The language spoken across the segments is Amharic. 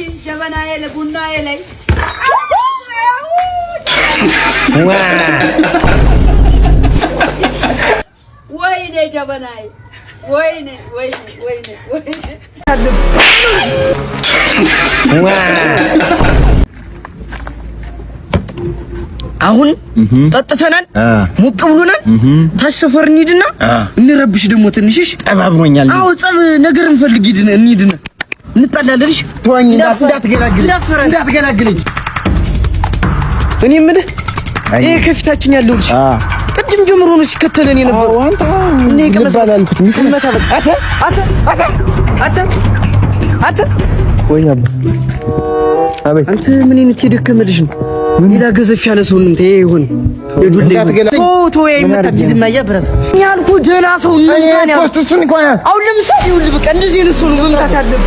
እቺን ጀበናዬ ለቡናዬ ወይኔ ጀበናዬ ወይኔ ወይኔ አሁን ጠጥተናል፣ ሞቅ ብሎናል። ታሸፈር እንሂድና እንረብሽ ደግሞ ትንሽሽ ጠባብሮኛል። አዎ ጸብ ነገር እንፈልግ እንሂድና እንጣላለን። ተወኝ፣ እንዳትገላግልኝ። እኔ የምልህ ይሄ ከፊታችን ያለው ልጅ ቅድም ጀምሮ ነው ሲከተለን የነበረው። አንተ ምን አይነት የደከመ ነው? ሌላ ገዘፍ ያለ ሰውንም ተይ ይሁን ፎቶ ያልኩ ደህና ሰው ምን ታን አሁን ለምሳሌ ይኸውልህ፣ በቃ እንደዚህ ነው ሰው መምታት አለብህ።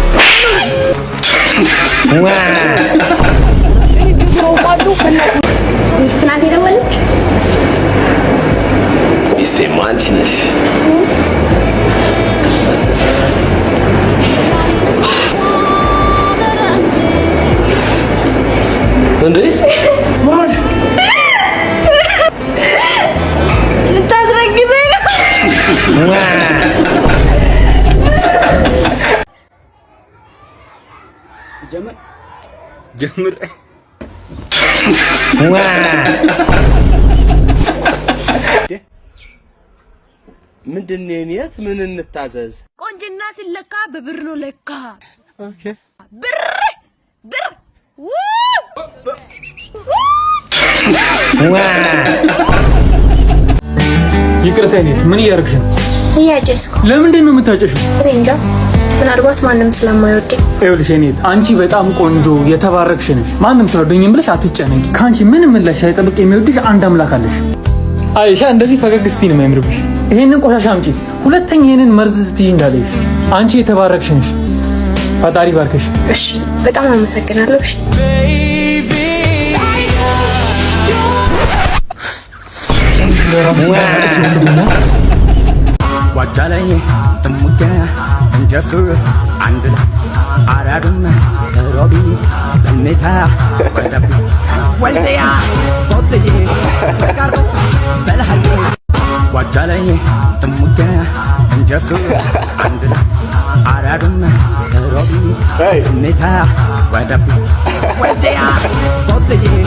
ሚስት ናት ነሽ። ጀምር ምንድን የኔት ምን እንታዘዝ? ቆንጅና ሲለካ በብር ነው ለካ። ኦኬ ብር ብር ይቅርታ አይኔ፣ ምን እያደረግሽ ነው? እያጨስኩ። ለምንድን ነው የምታጨሽው? እንጃ፣ ምናልባት ማንም ስለማይወደኝ። ይኸውልሽ አይኔት፣ አንቺ በጣም ቆንጆ የተባረክሽ ነሽ። ማንም ስለወደኝም ብለሽ አትጨነቂ። ከአንቺ ምንም ምላሽ ሳይጠብቅ የሚወድሽ አንድ አምላክ አለሽ። አይሻ፣ እንደዚህ ፈገግ ስትይ ነው የሚያምርብሽ። ይሄንን ቆሻሻ አምጪ፣ ሁለተኛ ይሄንን መርዝ ስትይ እንዳለሽ። አንቺ የተባረክሽ ነሽ። ፈጣሪ ባርከሽ። እሺ፣ በጣም አመሰግናለሁ። እሺ ዋጃ ላይ ጥሙጋ እንጀሱ አንድ አራዱም ሮቢ በሜታ ወደፊ ወልያ ቦብዬ ቀርቦ በልሃዬ ዋጃ ላይ ጥሙጋ እንጀሱ አንድ አራዱም ሮቢ በሜታ ወደፊ ወልያ ቦብዬ